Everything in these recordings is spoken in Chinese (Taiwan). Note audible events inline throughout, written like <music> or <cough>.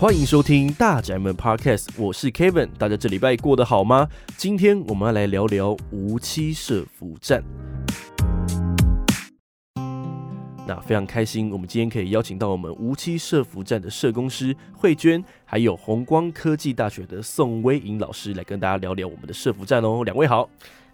歡迎收聽《大宅門》Podcast，我是 Kevin，大家這禮拜過得好嗎？今天我們要來聊聊梧棲社服站。那非常開心，我們今天可以邀請到我們梧棲社服站的社工師蕙娟，還有弘光科技大學的宋威穎老師來跟大家聊聊我們的社服站哦。兩位好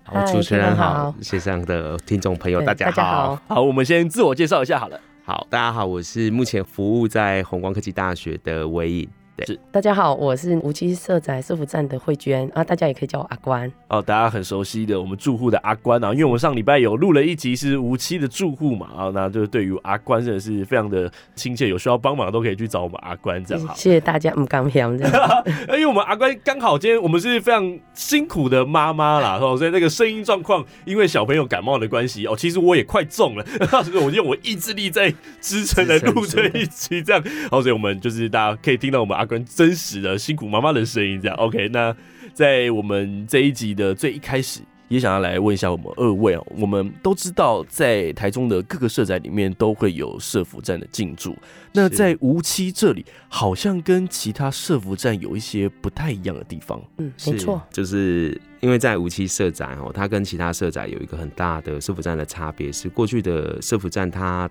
，Hi, 主持人好，線上的聽眾朋友對大家好，家好，好，我們先自我介紹一下好了。好，大家好，我是目前服務在弘光科技大學的威穎。是，對大家好，我是梧棲社宅社服站的蕙娟啊，大家也可以叫我阿關哦，大家很熟悉的我們住戶的阿關啊，因為我們上禮拜有錄了一集是梧棲的住戶嘛啊、哦，那就是對於阿關真的是非常的親切，有需要幫忙都可以去找我們阿關這樣。謝謝大家，我們剛表這樣， <laughs> 因為我們阿關剛好今天我們是非常辛苦的媽媽啦，哦， <laughs> 所以那個聲音狀況因為小朋友感冒的關係哦，其實我也快中了， <laughs> 所以我就用我意志力在支撐着錄這一集這樣，哦，所以我們就是大家可以聽到我們阿。跟真實的辛苦媽媽的聲音這樣，OK。那在我們這一集的最一開始，也想要來問一下我們二位哦。我們都知道，在台中的各個社宅裡面都會有社服站的進駐。那在梧棲這裡，好像跟其他社服站有一些不太一樣的地方。嗯，沒錯，就是因為在梧棲社宅哦，它跟其他社宅有一個很大的社服站的差別是，過去的社服站它。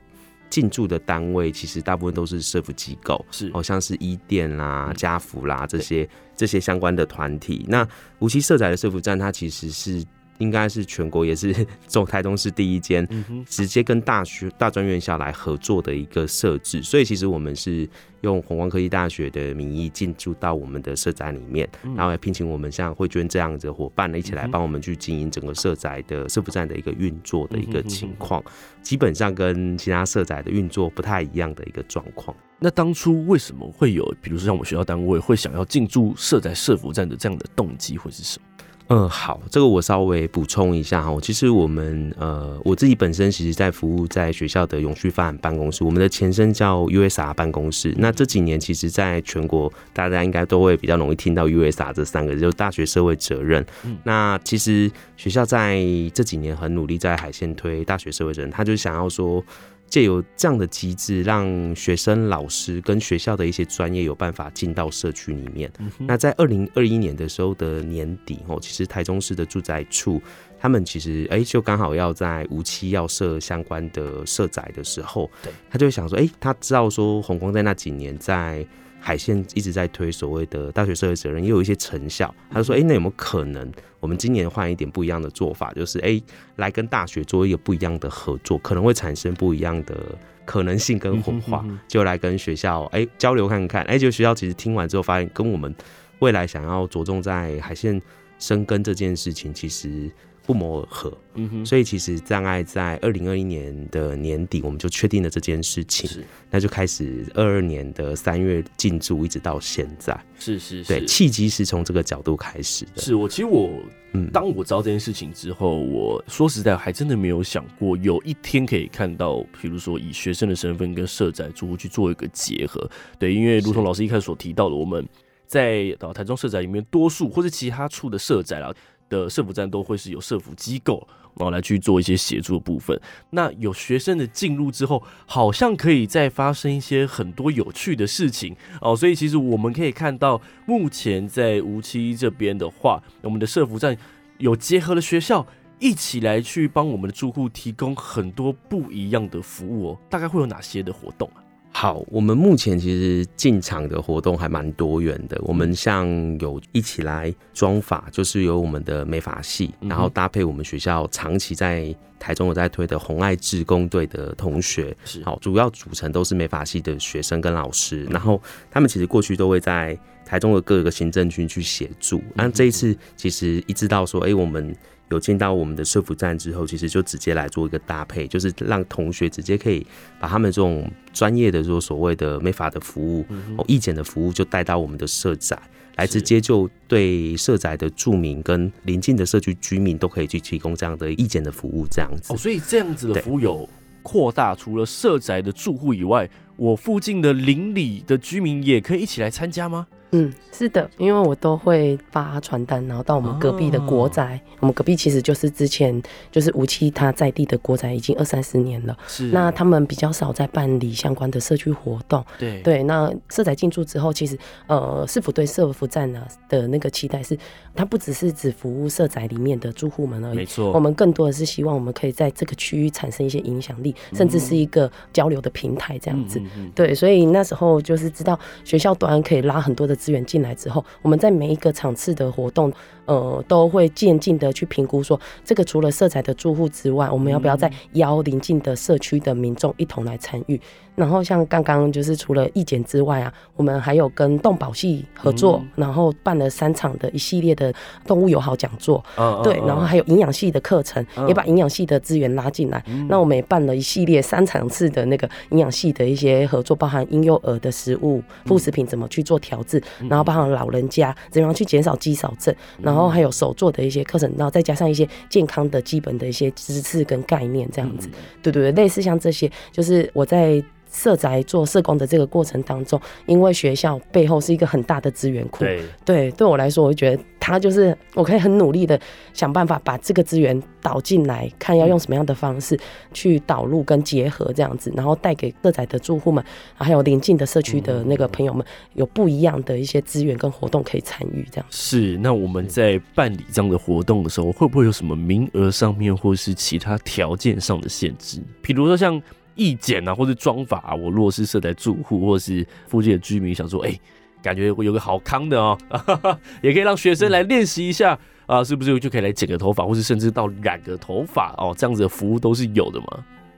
進駐的單位其實大部分都是社服機構，是好，哦，像是伊甸啦，嗯，家扶啦這些對這些相關的團體。那梧棲社宅的社服站，它其實是。應該是全國也是從台中市第一間，直接跟大學大專院校來合作的一個設置，所以其實我們是用弘光科技大學的名義進駐到我們的社宅裡面，然後來聘請我們像蕙娟這樣子的夥伴呢，一起來幫我們去經營整個社宅的社福站的一個運作的一個情況，基本上跟其他社宅的運作不太一樣的一個狀況、嗯。那當初為什麼會有，比如說像我們學校單位會想要進駐社宅社福站的這樣的動機，會是什麼？嗯，好，這個我稍微補充一下哈。其實我們呃，我自己本身其實，在服務在學校的永續發展辦公室，我們的前身叫 USR 辦公室。那這幾年，其實在全國大家應該都會比較容易聽到 USR 這三個字，就是大學社會責任。嗯、那其實學校在這幾年很努力在海線推大學社會責任，他就想要說。借由這樣的機制，讓學生、老師跟學校的一些專業有辦法進到社區裡面。嗯、哼那在二零二一年的時候的年底後，其實台中市的住宅處，他們其實、欸、就剛好要在梧棲要設相關的社宅的時候，對，他就會想說，哎、欸，他知道說弘光在那幾年在。海線一直在推所謂的大學社會責任，也有一些成效。他就說：“哎、欸，那有沒有可能，我們今年換一點不一樣的做法，就是哎、欸，來跟大學做一個不一樣的合作，可能會產生不一樣的可能性跟火花。嗯哼哼哼”就來跟學校、欸、交流看看，哎、欸，就學校其實聽完之後發現，跟我們未來想要着重在海線生根這件事情，其實。不謀而合，嗯哼，所以其實障礙在二零二一年的年底，我們就確定了這件事情，是那就開始二二年的三月進駐，一直到現在，是是是，對，契機是從這個角度開始的。是我其實我，嗯，當我知道這件事情之後，嗯、我說實在還真的沒有想過有一天可以看到，比如說以學生的身份跟社宅住戶去做一個結合，對，因為如同老師一開始所提到的，我們在島台中社宅裡面多，多數或者其他處的社宅的社服站都會是有社服機構，然、哦、後來去做一些協助的部分。那有學生的進入之後，好像可以再發生一些很多有趣的事情哦。所以其實我們可以看到，目前在梧棲這邊的話，我們的社服站有結合了學校一起來去幫我們的住戶提供很多不一樣的服務哦。大概會有哪些的活動啊？好，我們目前其實進場的活動還蠻多元的。嗯、我們像有一起來妝髮，就是有我們的美髮系，嗯、哼然後搭配我們學校長期在台中有在推的弘愛志工隊的同學，是好，主要組成都是美髮系的學生跟老師。嗯、哼然後他們其實過去都會在台中的各個行政區去協助。那、嗯、哼這一次其實一知道說，哎、欸，我們。有進到我們的社服站之後，其實就直接來做一個搭配，就是讓同學直接可以把他們這種專業的，說所謂的美髮的服務，嗯、哼哦，義剪的服務就帶到我們的社宅，來直接就對社宅的住民跟鄰近的社區居民都可以去提供這樣的義剪的服務，這樣子。哦，所以這樣子的服務有擴大，除了社宅的住戶以外，我附近的鄰里的居民也可以一起來參加嗎？嗯，是的，因為我都會發傳單，然後到我們隔壁的國宅。哦、我們隔壁其實就是之前就是梧棲，他在地的國宅，已經二三十年了。是、哦。那他們比較少在辦理相關的社區活動。對。對。那社宅進駐之後，其實呃，市府對社服站呢的那個期待是，它不只是只服務社宅裡面的住戶們而已。沒錯錯。我們更多的是希望我們可以在這個區域產生一些影響力，嗯、甚至是一個交流的平台這樣子。嗯嗯嗯對。所以那時候就是知道學校端可以拉很多的。資源進來之後，我們在每一個場次的活動，呃，都會漸進的去評估說這個除了社宅的住戶之外，我們要不要再邀鄰近的社區的民眾一同來參與。然後像剛剛就是除了義剪之外啊，我們還有跟動保系合作，嗯、然後辦了三場的一系列的動物友好講座，啊、對，然後還有營養系的課程，啊、也把營養系的資源拉進來。嗯、那我們也辦了一系列三場次的那個營養系的一些合作，包含嬰幼兒的食物、副食品怎麼去做調制，嗯、然後包含老人家怎樣去減少肌少症，嗯、然後還有手做的一些課程，然後再加上一些健康的基本的一些知識跟概念，這樣子。嗯、對對對，類似像這些，就是我在。社宅做社工的這個過程當中，因為學校背後是一個很大的資源庫。對，對對，對我來說，我就覺得他就是我可以很努力的想辦法把這個資源導進來，看要用什麼樣的方式去導入跟結合這樣子，然後帶給社宅的住戶們，還有鄰近的社區的那個朋友們，有不一樣的一些資源跟活動可以參與。這樣是，那我們在辦理這樣的活動的時候，會不會有什麼名額上面或是其他條件上的限制？比如說像。義剪啊，或是妝髮啊。我若是社宅住戶，或是附近的居民，想說，哎、欸，感覺有個好康的哦、喔，也可以讓學生來練習一下、嗯、啊，是不是就可以來剪個頭髮，或是甚至到染個頭髮哦、喔？這樣子的服務都是有的嘛。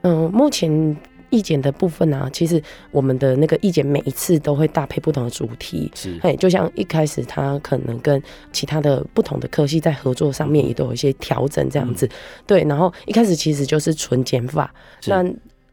嗯，目前義剪的部分啊，其實我們的那個義剪每一次都會搭配不同的主題，是，哎，就像一開始他可能跟其他的不同的科系在合作上面，也都有一些調整這樣子，嗯、對。然後一開始其實就是純剪髮，是那。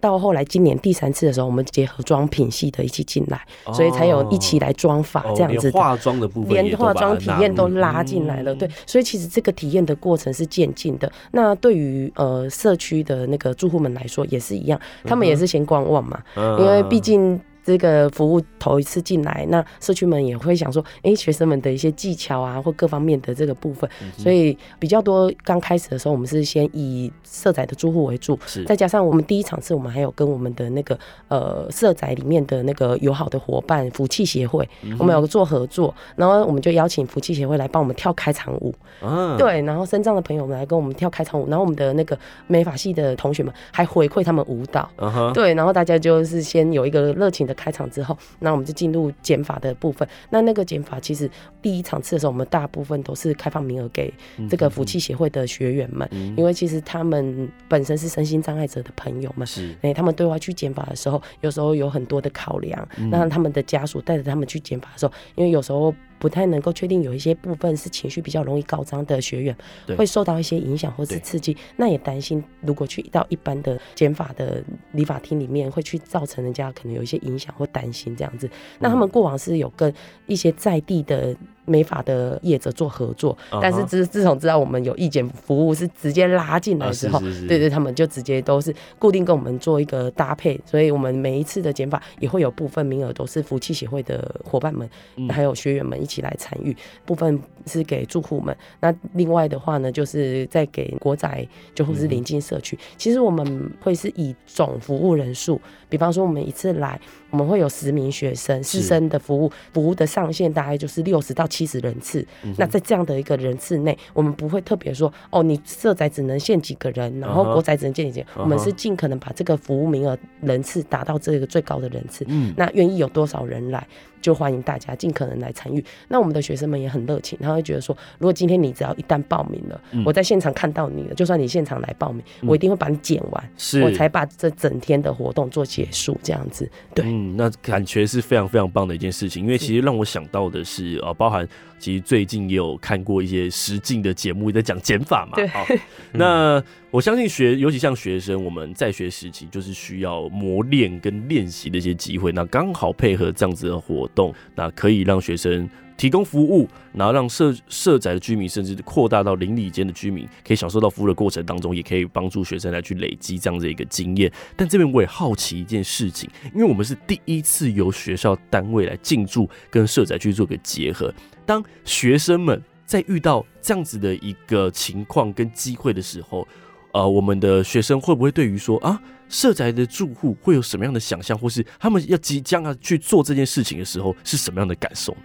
到後來今年第三次的時候，我們結合妝品系的一起進來，哦、所以才有一起來妝髮這樣子，哦、連化妝的部分連化妝體驗都拉進來了，嗯、對，所以其實這個體驗的過程是漸進的。那對於呃社區的那個住戶們來說也是一樣，嗯、哼他們也是先觀望嘛，嗯、哼因為畢竟。這個服務頭一次進來，那社區們也會想說，哎、欸，學生們的一些技巧啊，或各方面的這個部分，嗯、哼所以比較多。剛開始的時候，我們是先以社宅的住戶為主，是再加上我們第一場次，我們還有跟我們的那個呃社宅裡面的那個友好的夥伴福氣協會，嗯、哼我們有個做合作，然後我們就邀請福氣協會來幫我們跳開場舞，嗯、啊，對，然後身障的朋友們來跟我們跳開場舞，然後我們的那個美髮系的同學們還回饋他們舞蹈，啊、哈對，然後大家就是先有一個熱情的。開場之後，那我們就進入剪髮的部分。那那個剪髮，其實第一場次的時候，我們大部分都是開放名額給這個福氣協會的學員們，嗯、哼因為其實他們本身是身心障礙者的朋友們，哎是，他們對外去剪髮的時候，有時候有很多的考量。嗯、哼那他們的家屬帶着他們去剪髮的時候，因為有時候。不太能夠確定，有一些部分是情緒比較容易高漲的學員，對會受到一些影響或是刺激，對那也擔心如果去到一般的剪髮的理髮廳裡面，會去造成人家可能有一些影響或擔心這樣子。那他們過往是有跟一些在地的。美髮的業者做合作，但是自自從知道我們有一間服務是直接拉進來之後，啊、是是是對,對對，他們就直接都是固定跟我們做一個搭配，所以我們每一次的剪髮也會有部分名額都是福氣協會的伙伴們，還有學員們一起來參與，嗯、部分是給住戶們，那另外的話呢，就是在給國宅，就或是臨近社區，嗯、其實我們會是以總服務人數，比方說我們一次來，我們會有十名學生師生的服務，是服務的上限大概就是六十到。七十人次，嗯、哼那在這樣的一個人次內，我們不會特別說哦，你社宅只能限幾個人，然後國宅只能限幾間，uh huh. 我們是盡可能把這個服務名額人次達到這個最高的人次。Uh huh. 那願意有多少人來？就歡迎大家盡可能來參與。那我們的學生們也很熱情，他會覺得說，如果今天你只要一旦報名了，嗯、我在現場看到你了，就算你現場來報名，嗯、我一定會把你剪完，是，我才把這整天的活動做結束。這樣子，對、嗯，那感覺是非常非常棒的一件事情。因為其實讓我想到的是，呃是、啊，包含其實最近也有看過一些實境的節目在講剪髮嘛。對。哦、 <laughs> 那我相信學，尤其像學生我們在學時期，就是需要磨練跟練習的一些機會。那剛好配合這樣子的活動，那可以讓學生提供服務，然後讓社社宅的居民，甚至擴大到鄰里間的居民，可以享受到服務的過程當中，也可以幫助學生來去累積這樣子一個經驗。但這邊我也好奇一件事情，因為我們是第一次由學校單位來進駐跟社宅去做個結合。當學生們在遇到這樣子的一個情況跟機會的時候，呃，我們的學生會不會對於說啊，社宅的住戶會有什麼樣的想象，或是他們要即將要去做這件事情的時候，是什麼樣的感受呢？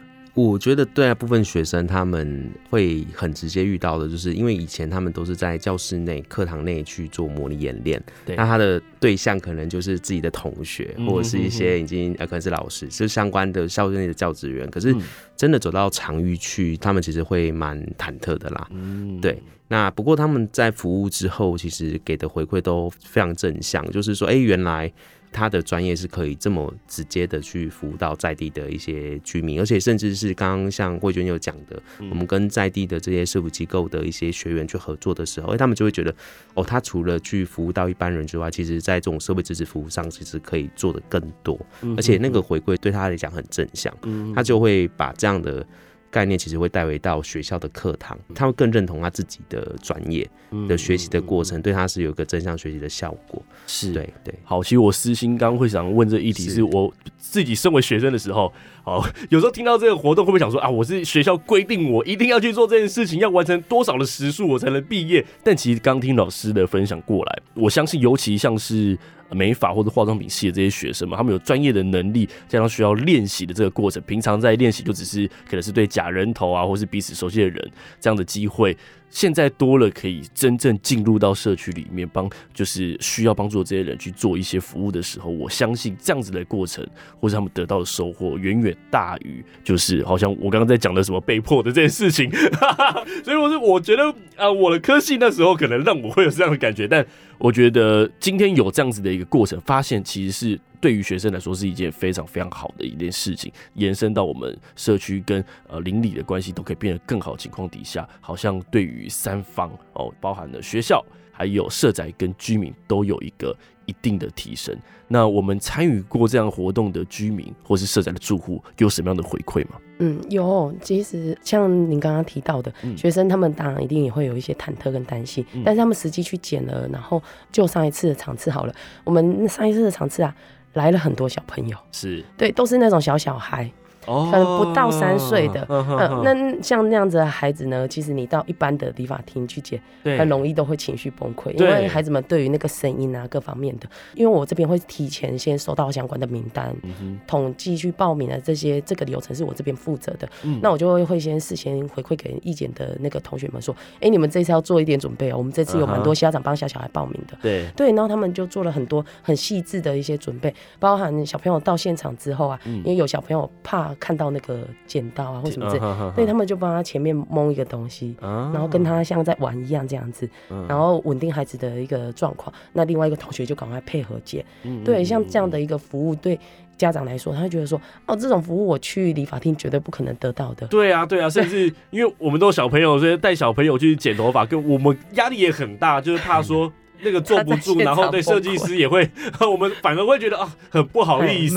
我覺得對啊，部分學生他們會很直接遇到的，就是因為以前他們都是在教室內、課堂內去做模擬演練，對那他的對象可能就是自己的同學，嗯、哼哼或者是一些已經呃，可能是老師，是相關的校內的教職員。可是真的走到場域去，嗯、他們其實會蠻忐忑的啦。嗯，對，那不過他們在服務之後，其實給的回饋都非常正向，就是說，哎，原來。他的專業是可以這麼直接的去服務到在地的一些居民，而且甚至是剛剛像蕙娟有講的，我們跟在地的這些社服機構的一些學員去合作的時候，欸，他們就會覺得，哦，他除了去服務到一般人之外，其實在這種社會支持服務上其實可以做得更多，嗯嗯，而且那個回饋對他來講很正向，他就會把這樣的。概念其實會帶回到學校的課堂，他會更認同他自己的專業的學習的過程，嗯嗯、對他是有一個正向學習的效果。是對對。對好，其實我私心剛會想問這一題，是我自己身為學生的時候，是好有時候聽到這個活動會不會想說啊，我是學校規定我一定要去做這件事情，要完成多少的時數我才能畢業？但其實剛聽老師的分享過來，我相信尤其像是。美髮或者化妝品系的這些學生嘛，他們有專業的能力，加上需要練習的這個過程，平常在練習就只是可能是對假人頭啊，或是彼此熟悉的人這樣的機會。現在多了可以真正進入到社區裡面幫，就是需要幫助這些人去做一些服務的時候，我相信這樣子的過程，或是他們得到的收穫，遠遠大於就是好像我剛剛在講的什麼被迫的這件事情。 <laughs> 所以我是我覺得啊、呃，我的科系那時候可能讓我會有這樣的感覺，但我覺得今天有這樣子的一個過程，發現其實是。對於學生來說是一件非常非常好的一件事情，延伸到我們社區跟呃鄰里的關係都可以變得更好。情況底下，好像對於三方哦，包含了學校、還有社宅跟居民，都有一個一定的提升。那我們參與過這樣活動的居民或是社宅的住戶，有什麼樣的回饋嗎？嗯，有。其實像您剛剛提到的，嗯、學生他們當然一定也會有一些忐忑跟擔心，嗯、但是他們實際去剪了，然後就上一次的場次好了。我們上一次的場次啊。來了很多小朋友，是，對，都是那種小小孩。Oh, 可能不到三歲的，oh, uh huh, uh huh. 嗯，那像那樣子的孩子呢，其實你到一般的理髮廳去剪，很對容易都會情緒崩潰。對因為孩子們對於那個聲音啊各方面的，因為我這邊會提前先收到相關的名單，mm hmm. 統計去報名啊，這些，這個流程是我這邊負責的。嗯、那我就會會先事先回饋給義剪的那個同學們說，哎、欸，你們這次要做一點準備哦，uh huh. 我們這次有蠻多家長幫小小孩報名的，對對，然後他們就做了很多很細緻的一些準備，包含小朋友到現場之後啊，嗯、因為有小朋友怕。看到那個剪刀啊或什麼之類對、嗯嗯嗯嗯、他們就幫他前面蒙一個東西，嗯嗯嗯、然後跟他像在玩一樣這樣子，然後穩定孩子的一個狀況。那另外一個同學就趕快配合剪，對，像這樣的一個服務，對家長來說，他會覺得說，哦，這種服務我去理髮廳絕對不可能得到的。對啊，對啊，甚至因為我們都是小朋友，所以帶小朋友去剪頭髮，跟我們壓力也很大，就是怕說。那個坐不住，然後對設計師也會，我們反而會覺得啊很不好意思。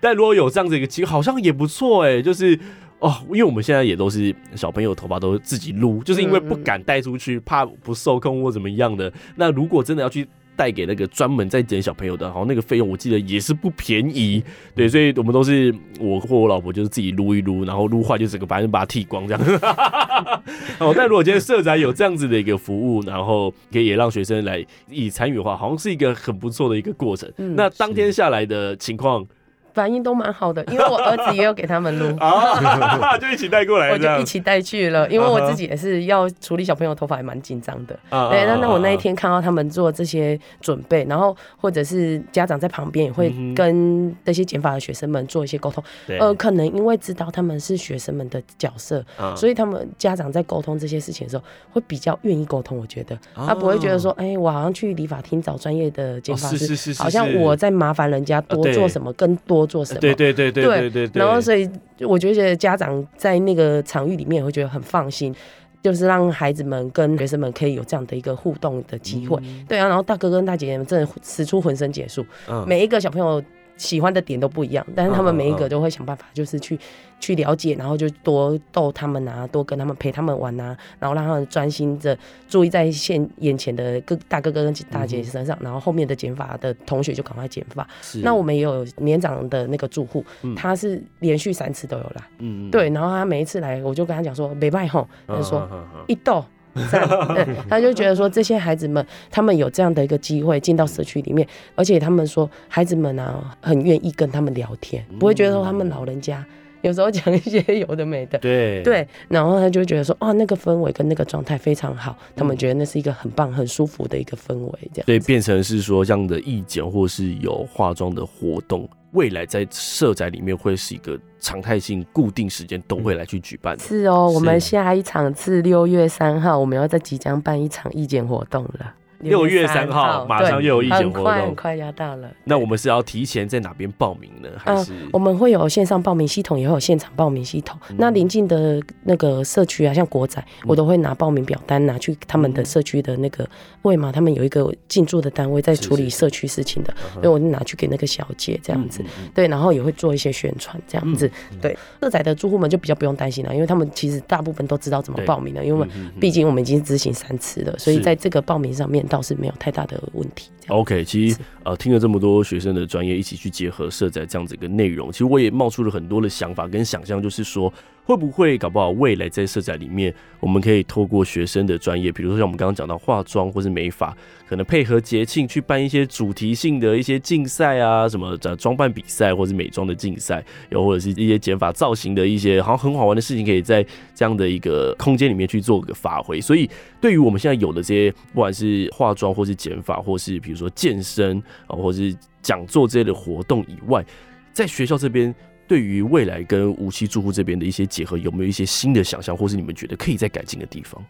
但如果有這樣子一個機會，好像也不錯誒。就是哦，因為我們現在也都是小朋友頭髮都自己擼，就是因為不敢帶出去，怕不受控或怎麼樣的。那如果真的要去，帶給那個專門在剪小朋友的，好像那個費用我記得也是不便宜，對，所以我們都是我或我老婆就是自己擼一擼，然後擼壞就整個白人把它剃光這樣。 <laughs> 哦，但如果今天社宅有這樣子的一個服務，然後可以也讓學生來一起參與的話，好像是一個很不錯的一個過程。嗯、那當天下來的情況。反應都蠻好的，因為我兒子也有給他們錄，啊， <laughs> <laughs> 就一起帶過來， <laughs> 我就一起帶去了。因為我自己也是要處理小朋友頭髮，還蠻緊張的。Uh huh. 對，uh huh. 那那我那一天看到他們做這些準備，然後或者是家長在旁邊也會跟那些剪髮的學生們做一些溝通。Uh huh. 呃，可能因為知道他們是學生們的角色，uh huh. 所以他們家長在溝通這些事情的時候，會比較願意溝通。我覺得，uh huh. 他不會覺得說，哎、欸，我好像去理髮廳找專業的剪髮師，是是是，huh. 好像我在麻煩人家多做什麼更多。做什麼？對對對對對對，對。然後，所以我覺得家長在那個場域裡面會覺得很放心，就是讓孩子們跟學生們可以有這樣的一個互動的機會。嗯嗯對啊，然後大哥跟大姐姐們真的使出渾身解數，嗯、每一個小朋友喜歡的點都不一樣，但是他們每一個都會想辦法，就是去去了解，啊啊、然後就多逗他們啊，多跟他們陪他們玩啊，然後讓他們專心著注意在現眼前的哥大哥哥跟大姐身上，嗯、然後後面的剪髮的同學就趕快剪髮。是那我們也有年長的那個住戶，嗯、他是連續三次都有來，嗯嗯、對，然後他每一次來，我就跟他講說，每拜後，他說、啊啊啊、一逗。在， <laughs> 他就覺得說這些孩子們，他們有這樣的一個機會進到社區裡面，而且他們說孩子們呢、啊、很願意跟他們聊天，不會覺得說他們老人家有時候講一些有的沒的。對對，然後他就覺得說，啊、哦，那個氛圍跟那個狀態非常好，他們覺得那是一個很棒、很舒服的一個氛圍，這樣。對，變成是說這樣的義剪，或是有化妝的活動。未來在社宅裡面會是一個常態性、固定時間都會來去舉辦。是哦，是我們下一場是六月三號，我們要再即將辦一場義剪活動了。六月三號馬上又有義剪活動，快快要到了。那我們是要提前在哪邊報名呢？還是我們會有線上報名系統，也會有現場報名系統？那臨近的那個社區啊，像國仔，我都會拿報名表單拿去他們的社區的那個為嘛，他們有一個進駐的單位在處理社區事情的，所以我就拿去給那個小姐這樣子。對，然後也會做一些宣傳這樣子。對，社仔的住戶們就比較不用擔心了，因為他們其實大部分都知道怎麼報名了，因為畢竟我們已經執行三次了，所以在這個報名上面。倒是沒有太大的問題。OK，其實。呃，聽了這麼多學生的專業，一起去結合社宅這樣子一個內容，其實我也冒出了很多的想法跟想象，就是說會不會搞不好未來在社宅裡面，我們可以透過學生的專業，比如說像我們剛剛講到化妝或是美髮，可能配合節慶去辦一些主題性的一些競賽啊，什麼的裝扮比賽或是美妝的競賽，又或者是一些剪髮造型的一些好像很好玩的事情，可以在這樣的一個空間裡面去做個發揮。所以對於我們現在有的這些，不管是化妝或是剪髮，或是比如說健身。啊，或是講座之類的活動以外，在學校這邊對於未來跟梧棲住戶這邊的一些結合，有沒有一些新的想象，或是你們覺得可以再改進的地方？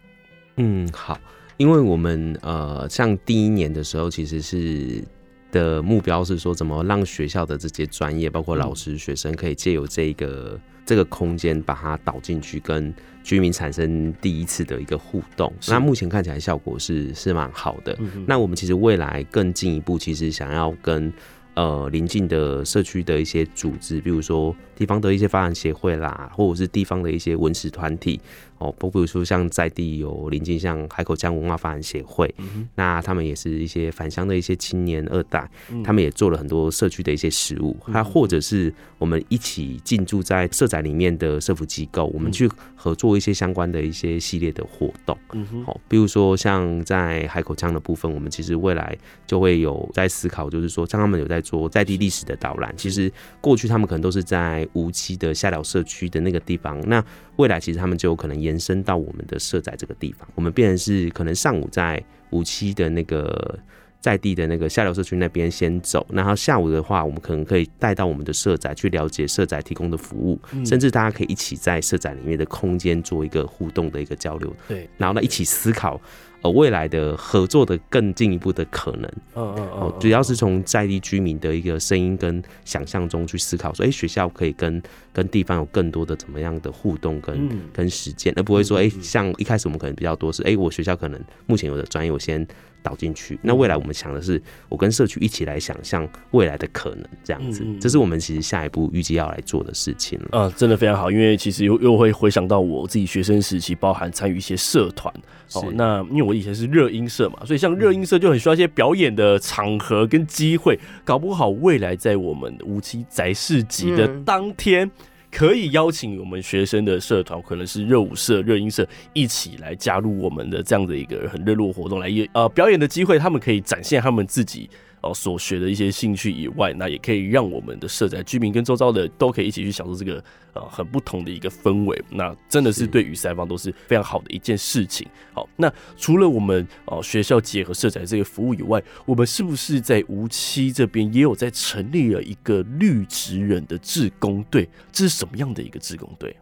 嗯，好，因為我們呃，像第一年的時候，其實是。的目標是說，怎麼讓學校的這些專業，包括老師、學生，可以借由這個這個空間，把它導進去，跟居民產生第一次的一個互動。是那目前看起來效果是是蠻好的。嗯、哼那我們其實未來更進一步，其實想要跟呃鄰近的社區的一些組織，比如說。地方的一些發展協會啦，或者是地方的一些文史團體哦，包括說像在地有臨近像海口腔文化發展協會，嗯、哼那他們也是一些返鄉的一些青年二代，嗯、他們也做了很多社區的一些事務。他、嗯、哼或者是我們一起進駐在社宅裡面的社服機構，我們去合作一些相關的一些系列的活動。好、嗯哼哦，比如說像在海口腔的部分，我們其實未來就會有在思考，就是說像他們有在做在地歷史的導覽，嗯、哼其實過去他們可能都是在梧棲的下寮社區的那個地方，那未來其實他們就有可能延伸到我們的社宅這個地方。我們變成是可能上午在梧棲的那個在地的那個下寮社區那邊先走，然後下午的話，我們可能可以帶到我們的社宅去了解社宅提供的服務，嗯、甚至大家可以一起在社宅裡面的空間做一個互動的一個交流，對，對然後呢一起思考。呃，未來的合作的更進一步的可能，嗯，主要是從在地居民的一個聲音跟想象中去思考，說，誒，學校可以跟跟地方有更多的怎麼樣的互動跟跟實踐，而不會說，誒，像一開始我們可能比較多是，誒，我學校可能目前有的專業我先，導進去，那未來我們想的是，我跟社區一起來想象未來的可能，這樣子，嗯、這是我們其實下一步預計要來做的事情了。啊、呃，真的非常好，因為其實又又會回想到我自己學生時期，包含參與一些社團是哦。那因為我以前是熱音社嘛，所以像熱音社就很需要一些表演的場合跟機會，搞不好未來在我們梧棲宅市集的當天。嗯可以邀請我們學生的社團，可能是熱舞社、熱音社，一起來加入我們的這樣的一個很熱絡活動，來，呃，表演的機會，他們可以展現他們自己。哦，所學的一些興趣以外，那也可以讓我們的社宅居民跟周遭的都可以一起去享受這個呃很不同的一個氛圍。那真的是對於三方都是非常好的一件事情。是好，那除了我們哦、呃、學校結合社宅這個服務以外，我們是不是在梧棲這邊也有在成立了一個綠職人的志工隊？這是什麼樣的一個志工隊？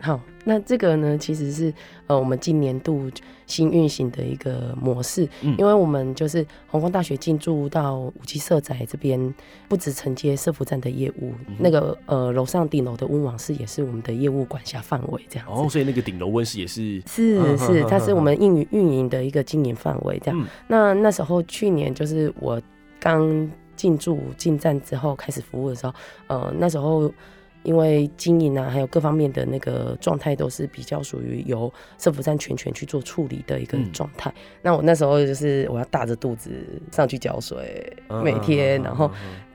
好，那這個呢，其實是呃，我們今年度新運行的一個模式，嗯、因為我們就是弘光大學進駐到梧棲社宅這邊，不只承接社服站的業務，嗯、哼那個呃樓上頂樓的溫網室也是我們的業務管轄範圍，這樣。哦，所以那個頂樓溫室也是是是，是，它是我們營運運營的一個經營範圍，這樣。那、嗯、那時候去年就是我剛進駐進站之後開始服務的時候，呃，那時候。因為經營啊，還有各方面的那個狀態，都是比較屬於由社服站全權去做處理的一個狀態。那我那時候就是我要大着肚子上去澆水，每天，然後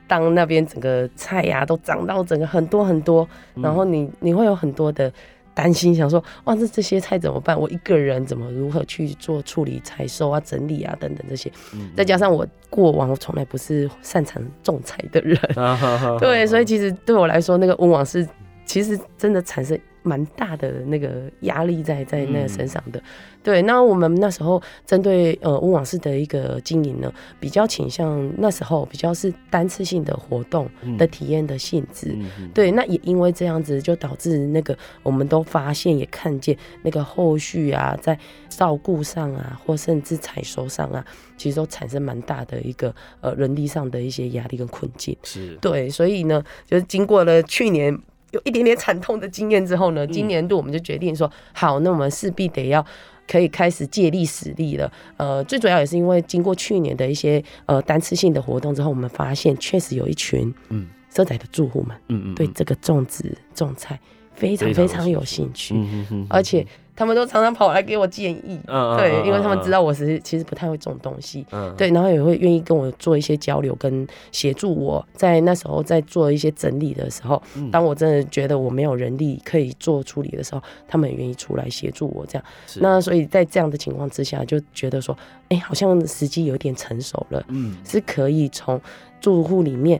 當那邊整個菜呀、啊、都長到整個很多很多，然後你你會有很多的。擔心，想說哇，那這些菜怎麼辦？我一個人怎麼如何去做處理、採收啊、整理啊等等這些？嗯嗯，再加上我過往我從來不是擅長種菜的人，啊、好好好對，所以其實對我來說，那個烏網是其實真的產生。蠻大的那個壓力在在那個身上的，嗯、對。那我們那時候針對呃梧棲的一個經營呢，比較傾向那時候比較是單次性的活動的體驗的性質，嗯、對。那也因為這樣子，就導致那個我們都發現也看見那個後續啊，在照顧上啊，或甚至採收上啊，其實都產生蠻大的一個呃人力上的一些壓力跟困境。是，對。所以呢，就是經過了去年。有一點點慘痛的經驗之後呢，今年度我們就決定說，好，那我們勢必得要可以開始借力使力了。呃，最主要也是因為經過去年的一些呃單次性的活動之後，我們發現確實有一群嗯，社宅的住戶們嗯對這個種植種菜非常非常有興趣，而且。他們都常常跑來給我建議，uh uh 對，uh uh uh uh uh 因為他們知道我是其實不太會種東西，uh uh. 對，然後也會願意跟我做一些交流跟協助我。我在那時候在做一些整理的時候，當我真的覺得我沒有人力可以做處理的時候，嗯、他們願意出來協助我這樣。是那所以在這樣的情況之下，就覺得說，哎，好像時機有點成熟了，嗯，是可以從住戶裡面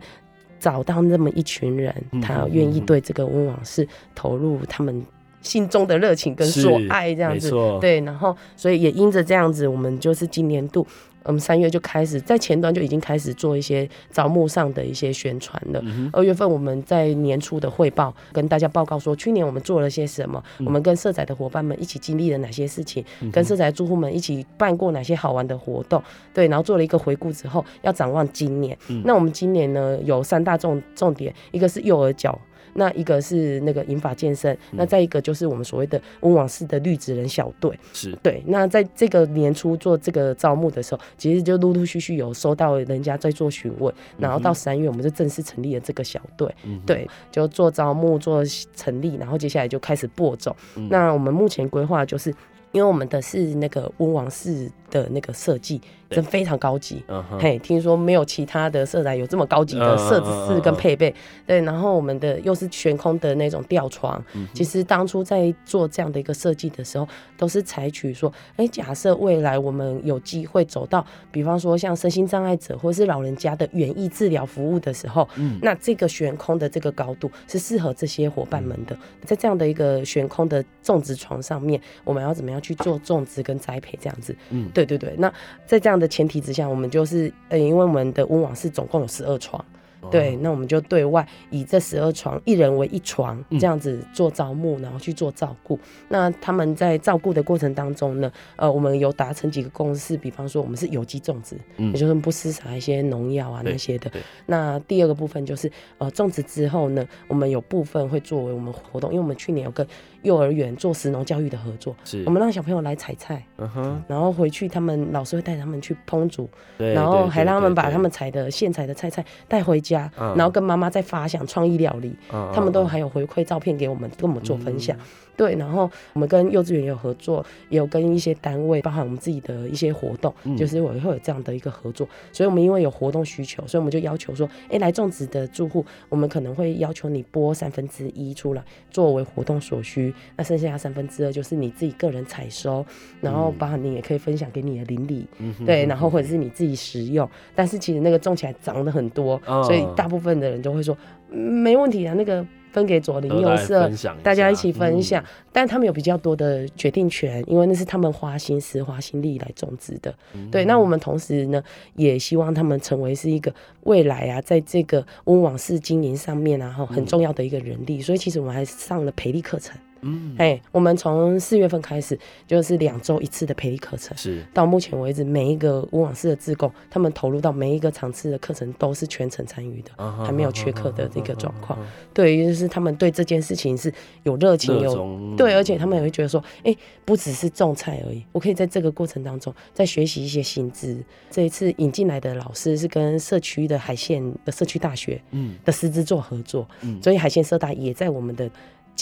找到那麼一群人，他願意對這個溫網是投入他們。心中的熱情跟所愛這樣子，對，然後所以也因着這樣子，我們就是今年度，我們三月就開始在前端就已經開始做一些招募上的一些宣傳了。二、嗯、哼月份我們在年初的匯報跟大家報告說，去年我們做了些什麼，嗯、我們跟社宅的夥伴們一起經歷了哪些事情，嗯、哼跟社宅住戶們一起辦過哪些好玩的活動，對，然後做了一個回顧之後，要展望今年。嗯、那我們今年呢有三大重重點，一個是幼兒教。那一個是那個銀髮健身，那再一個就是我們所謂的溫王室的綠植人小隊，是對。那在這個年初做這個招募的時候，其實就陸陸續續有收到人家在做詢問，然後到三月我們就正式成立了這個小隊，嗯、哼對，就做招募做成立，然後接下來就開始播種。嗯、那我們目前規劃就是，因為我們的是那個溫王室的那個設計。真非常高級，嘿、uh，huh. 聽說沒有其他的色彩有這麼高級的設置式跟配備，uh huh. 對，然後我們的又是懸空的那種吊床。Uh huh. 其實當初在做這樣的一個設計的時候，都是採取說，哎、欸，假設未來我們有機會走到，比方說像身心障礙者或是老人家的園藝治療服務的時候，嗯、uh，huh. 那這個懸空的這個高度是適合這些伙伴們的，uh huh. 在這樣的一個懸空的種植床上面，我們要怎麼樣去做種植跟栽培這樣子？嗯、uh，huh. 對對對，那在這樣。的前提之下，我們就是呃、欸，因為我們的溫網室總共有十二床，oh. 對，那我們就對外以這十二床一人為一床這樣子做招募，然後去做照顧。嗯、那他們在照顧的過程當中呢，呃，我們有達成幾個共識，比方說我們是有機種植，也、嗯、就是不施撒一些農藥啊那些的。那第二個部分就是呃，種植之後呢，我們有部分會作為我們活動，因為我們去年有個。幼兒園做食農教育的合作，是我們讓小朋友來採菜、uh huh，然後回去他們老師會帶他們去烹煮，對然後還讓他們把他們採的對對對對現採的菜菜帶回家，uh huh. 然後跟媽媽再發想創意料理，uh huh. 他們都還有回饋照片給我們，uh huh. 跟我們做分享。Uh huh. 對，然後我們跟幼稚園也有合作，也有跟一些單位，包含我們自己的一些活動，uh huh. 就是我會有這樣的一個合作。所以，我們因為有活動需求，所以我們就要求說，哎、欸，來種植的住戶，我們可能會要求你撥三分之一出來作為活動所需。那剩下三分之二就是你自己個人採收，然後包含你也可以分享給你的鄰里，嗯、對，然後或者是你自己食用。但是其實那個種起來長得很多，哦、所以大部分的人都會說、嗯、沒問題啊。那個。分給左鄰右舍，大家一起分享。但他們有比較多的決定權，因為那是他們花心思、花心力來種植的。對，那我們同時呢，也希望他們成為是一個未來啊，在這個溫網室經營上面啊，然後很重要的一個人力。所以其實我們還上了培力課程。嗯，哎，我們從四月份開始就是兩周一次的培力課程。是。到目前為止，每一個溫網室的志工，他們投入到每一個場次的課程都是全程參與的，還沒有缺課的這個狀況。對於是。是他們對這件事情是有熱情，有對，而且他們也會覺得說，誒，不只是種菜而已，我可以在這個過程當中再學習一些新知。這一次引進來的老師是跟社區的海線的社區大學，嗯，的師資做合作，所以海線社大也在我們的。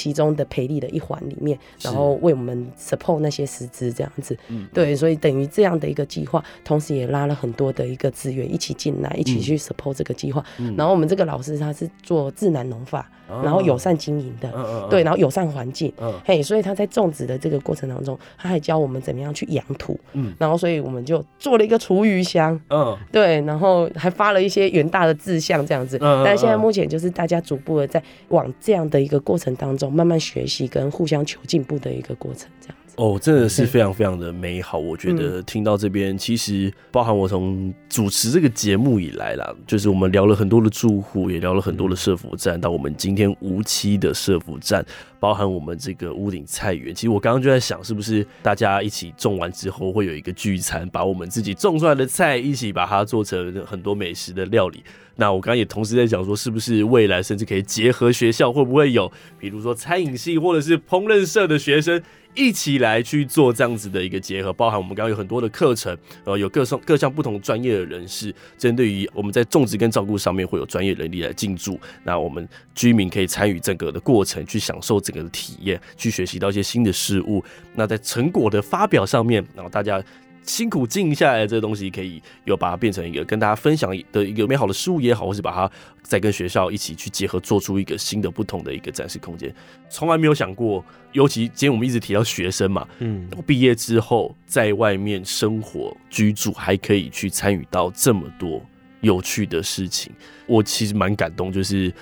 其中的培力的一環裡面，然後為我們 support 那些師資這樣子，嗯、對，所以等於這樣的一個計劃，同時也拉了很多的一個資源一起進來，一起去 support 這個計劃。嗯、然後我們這個老師他是做自然農法，嗯、然後友善經營的，嗯、對，然後友善環境，嘿、嗯，hey, 所以他在種植的這個過程當中，他還教我們怎麼樣去養土，嗯、然後所以我們就做了一個廚餘箱，嗯、對，然後還發了一些遠大的志向這樣子，嗯、但現在目前就是大家逐步的在往這樣的一個過程當中。慢慢學習跟互相求進步的一個過程，這樣子哦，oh, 真的是非常非常的美好。對我覺得聽到這邊，嗯、其實包含我從主持這個節目以來啦，就是我們聊了很多的住戶，也聊了很多的社服站，到我們今天梧棲的社服站。包含我們這個屋頂菜園，其實我剛剛就在想，是不是大家一起種完之後會有一個聚餐，把我們自己種出來的菜一起把它做成很多美食的料理。那我剛剛也同時在想說，是不是未來甚至可以結合學校，會不會有比如說餐飲系或者是烹飪社的學生一起來去做這樣子的一個結合？包含我們剛剛有很多的課程，呃，有各項各項不同專業的人士，針對於我們在種植跟照顧上面會有專業人力來進駐。那我們居民可以參與整個的過程，去享受這個整個的體驗，去學習到一些新的事物。那在成果的發表上面，然後大家辛苦經營下來的這個東西，可以有把它變成一個跟大家分享的一個美好的事物也好，或是把它再跟學校一起去結合，做出一個新的不同的一個展示空間。從來沒有想過，尤其今天我們一直提到學生嘛，嗯，畢業之後在外面生活居住，還可以去參與到這麼多有趣的事情，我其實蠻感動，就是。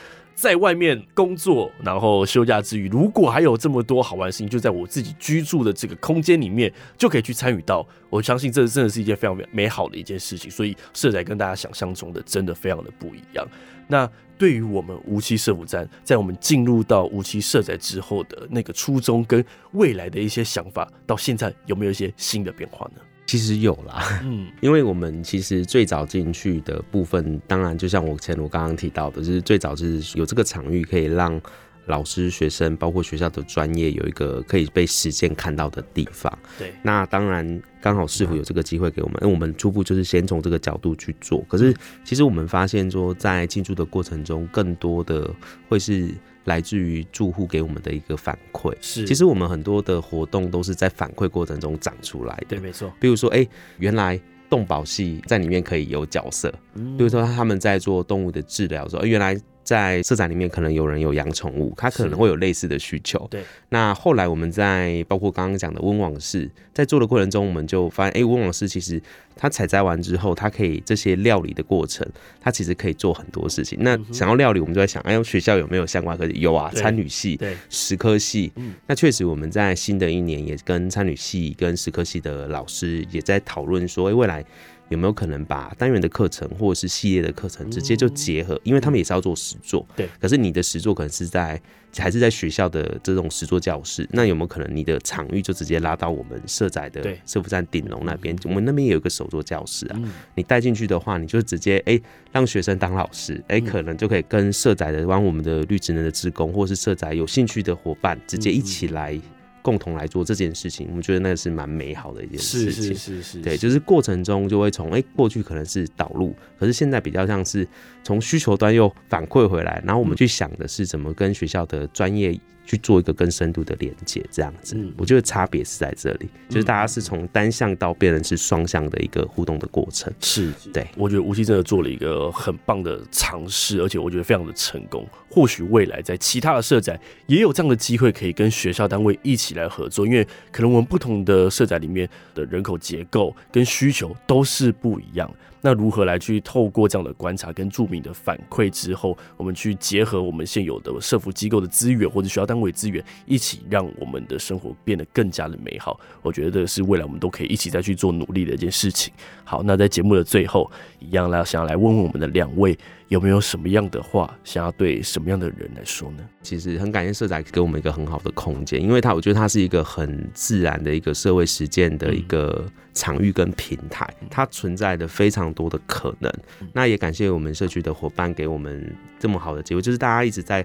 在外面工作，然後休假之餘，如果還有這麼多好玩的事情，就在我自己居住的這個空間裡面，就可以去參與到。我相信這真的是一件非常美好的一件事情。所以社宅跟大家想象中的真的非常的不一樣。那對於我們梧棲社服站，在我們進入到梧棲社宅之後的那個初衷跟未來的一些想法，到現在有沒有一些新的變化呢？其實有啦，嗯，因為我們其實最早進去的部分，當然就像我前我剛剛提到的，就是最早是有這個場域可以讓老師、學生，包括學校的專業有一個可以被實踐看到的地方。對，那當然剛好市府有這個機會給我們，嗯、因為我們初步就是先從這個角度去做。可是其實我們發現說，在進駐的過程中，更多的會是。來自於住戶給我們的一個反饋，是其實我們很多的活動都是在反饋過程中長出來的，對，沒錯。比如說，哎，原來動保系在裡面可以有角色，嗯、比如說他們在做動物的治療的，說原來。在社宅裡面，可能有人有養寵物，他可能會有類似的需求。對，那後來我們在包括剛剛講的溫網室，在做的過程中，我們就發現，哎、欸，溫網室其實他採摘完之後，他可以這些料理的過程，他其實可以做很多事情。那想要料理，我們就在想，哎、欸，學校有沒有相關科技？有啊，餐旅對系、對食科系。嗯，那確實我們在新的一年也跟餐旅系跟食科系的老師也在討論說，哎、欸，未來。有沒有可能把單元的課程或者是系列的課程直接就結合？嗯、因為他們也是要做實作，對。可是你的實作可能是在還是在學校的這種實作教室？那有沒有可能你的場域就直接拉到我們社宅的社服站頂樓那邊？對我們那邊也有一個手作教室啊。嗯、你帶進去的話，你就直接哎、欸、讓學生當老師，哎、欸、可能就可以跟社宅的幫我們的綠職能的職工，或是社宅有興趣的夥伴直接一起來。共同來做這件事情，我們覺得那是蠻美好的一件事情。是是是是，對，就是過程中就會從誒、欸、過去可能是導入，可是現在比較像是從需求端又反饋回來，然後我們去想的是怎麼跟學校的專業。去做一個更深度的連接，這樣子，嗯、我覺得差別是在這裡，嗯、就是大家是從單向到變成是雙向的一個互動的過程。是的，對，我覺得梧棲真的做了一個很棒的嘗試，而且我覺得非常的成功。或許未來在其他的社宅也有這樣的機會可以跟學校單位一起來合作，因為可能我們不同的社宅裡面的人口結構跟需求都是不一樣的。那如何來去透過這樣的觀察跟著名的反饋之後，我們去結合我們現有的社服機構的資源或者學校單位資源，一起讓我們的生活變得更加的美好？我覺得是未來我們都可以一起再去做努力的一件事情。好，那在節目的最後，一樣啦，想要來問問我們的兩位，有沒有什麼樣的話想要對什麼樣的人來說呢？其實很感謝社宅給我們一個很好的空間，因為它，我覺得它是一個很自然的一個社會實踐的一個場域跟平台，它存在的非常多的可能。那也感謝我們社區的夥伴給我們這麼好的機會，就是大家一直在，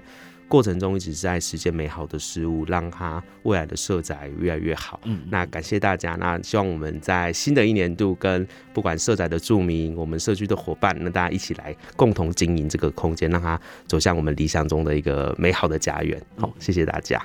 過程中一直在實現美好的事物，讓它未來的社宅越來越好。嗯，那感謝大家，那希望我們在新的一年度跟不管社宅的住民，我們社區的夥伴，那大家一起來共同經營這個空間，讓它走向我們理想中的一個美好的家園。好、嗯哦，謝謝大家。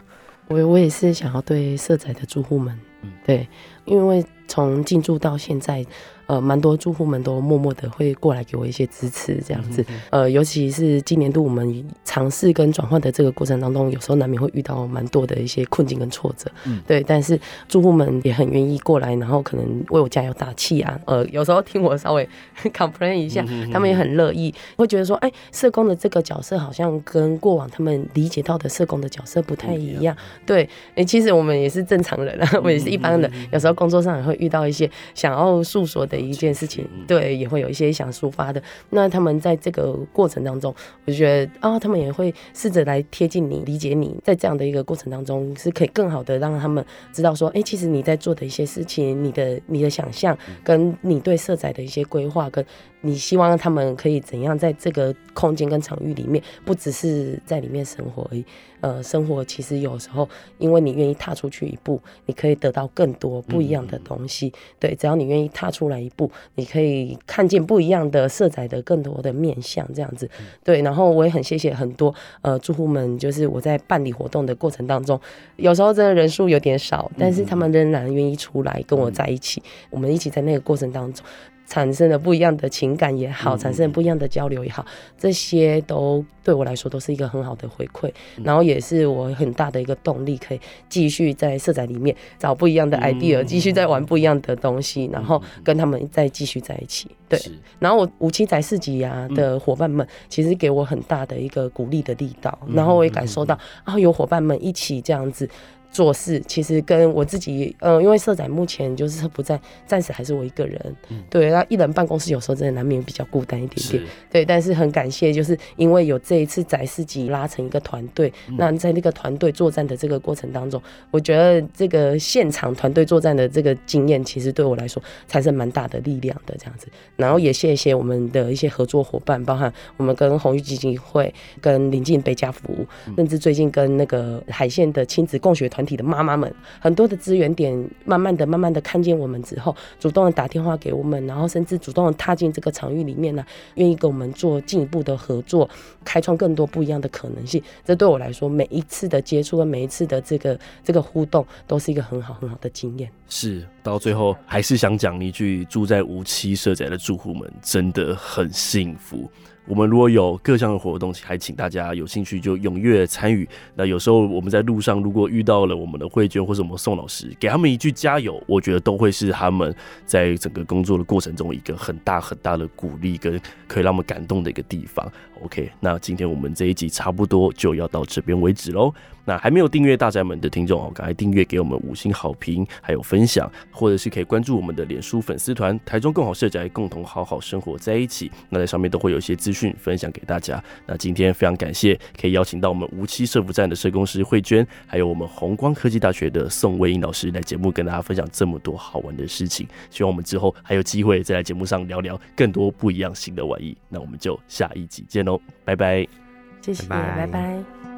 我我也是想要對社宅的住戶們，嗯、對，因為從進駐到現在。呃，蠻多住戶們都默默地會過來給我一些支持，這樣子。嗯嗯、呃，尤其是今年度我們嘗試跟轉換的這個過程當中，有時候難免會遇到蠻多的一些困境跟挫折，嗯、對。但是住戶們也很願意過來，然後可能為我加油打氣啊。呃，有時候聽我稍微 complain 一下，嗯嗯嗯、他們也很樂意，會覺得說，哎、欸，社工的這個角色好像跟過往他們理解到的社工的角色不太一樣。嗯嗯、對，哎、欸，其實我們也是正常人、啊，我們也是一般人，嗯嗯嗯、有時候工作上也會遇到一些想要訴說的。一件事情，對，也會有一些想抒發的。那他們在這個過程當中，我就覺得啊、哦，他們也會試着來貼近你，理解你。在這樣的一個過程當中，是可以更好的讓他們知道說，哎、欸，其實你在做的一些事情，你的你的想象，跟你對色彩的一些規劃，跟你希望他們可以怎樣在這個空間跟場域裡面，不只是在裡面生活而已。呃，生活其實有時候，因為你願意踏出去一步，你可以得到更多不一樣的東西。嗯嗯、對，只要你願意踏出來一步，你可以看見不一樣的色彩的更多的面向，這樣子。嗯、對，然後我也很謝謝很多呃住戶們，就是我在辦理活動的過程當中，有時候真的人數有點少，但是他們仍然願意出來跟我在一起，嗯、我們一起在那個過程當中。產生了不一樣的情感也好，產生了不一樣的交流也好，嗯嗯、這些都對我來說都是一個很好的回饋，嗯、然後也是我很大的一個動力，可以繼續在社宅裡面找不一樣的 idea，繼、嗯、續在玩不一樣的東西，嗯、然後跟他們再繼續在一起。嗯、對，是然後我梧棲宅市集呀、啊、的夥伴們，其實給我很大的一個鼓勵的力道，嗯、然後我也感受到、嗯、啊，有夥伴們一起這樣子。做事其實跟我自己，嗯、呃，因為社仔目前就是不在，暫時還是我一個人。嗯、對，那一人辦公室有時候真的難免比較孤單一點點。是對，但是很感謝，就是因為有這一次宅市集拉成一個團隊，嗯、那在那個團隊作戰的這個過程當中，我覺得這個現場團隊作戰的這個經驗，其實對我來說產生蠻大的力量的這樣子。然後也謝謝我們的一些合作夥伴，包含我們跟弘毓基金會、跟鄰近北家服務，嗯、甚至最近跟那個海線的親子共學團。團體的媽媽們，很多的資源點，慢慢的、慢慢的看見我們之後，主動的打電話給我們，然後甚至主動的踏進這個場域裡面呢、啊，願意跟我們做進一步的合作，開創更多不一樣的可能性。這對我來說，每一次的接觸和每一次的這個這個互動，都是一個很好很好的經驗。是，到最後還是想講一句：住在梧棲社宅的住戶們真的很幸福。我們如果有各項的活動，還請大家有興趣就踴躍參與。那有時候我們在路上如果遇到了我們的蕙娟或者我們宋老師，給他們一句加油，我覺得都會是他們在整個工作的過程中一個很大很大的鼓勵跟可以讓我們感動的一個地方。OK，那今天我們這一集差不多就要到這邊為止嘍。那還沒有訂閱大宅門的聽眾哦，趕快訂閱給我們五星好評，還有分享，或者是可以關注我們的臉書粉絲團“台中共好社宅”，共同好好生活在一起。那在上面都會有一些資訊。分享給大家。那今天非常感謝可以邀請到我們梧棲社服站的社工師蕙娟，還有我們弘光科技大學的宋威穎老師來節目跟大家分享這麼多好玩的事情。希望我們之後還有機會再來節目上聊聊更多不一樣新的玩意。那我們就下一集見嘍，拜拜。謝謝，拜拜。拜拜。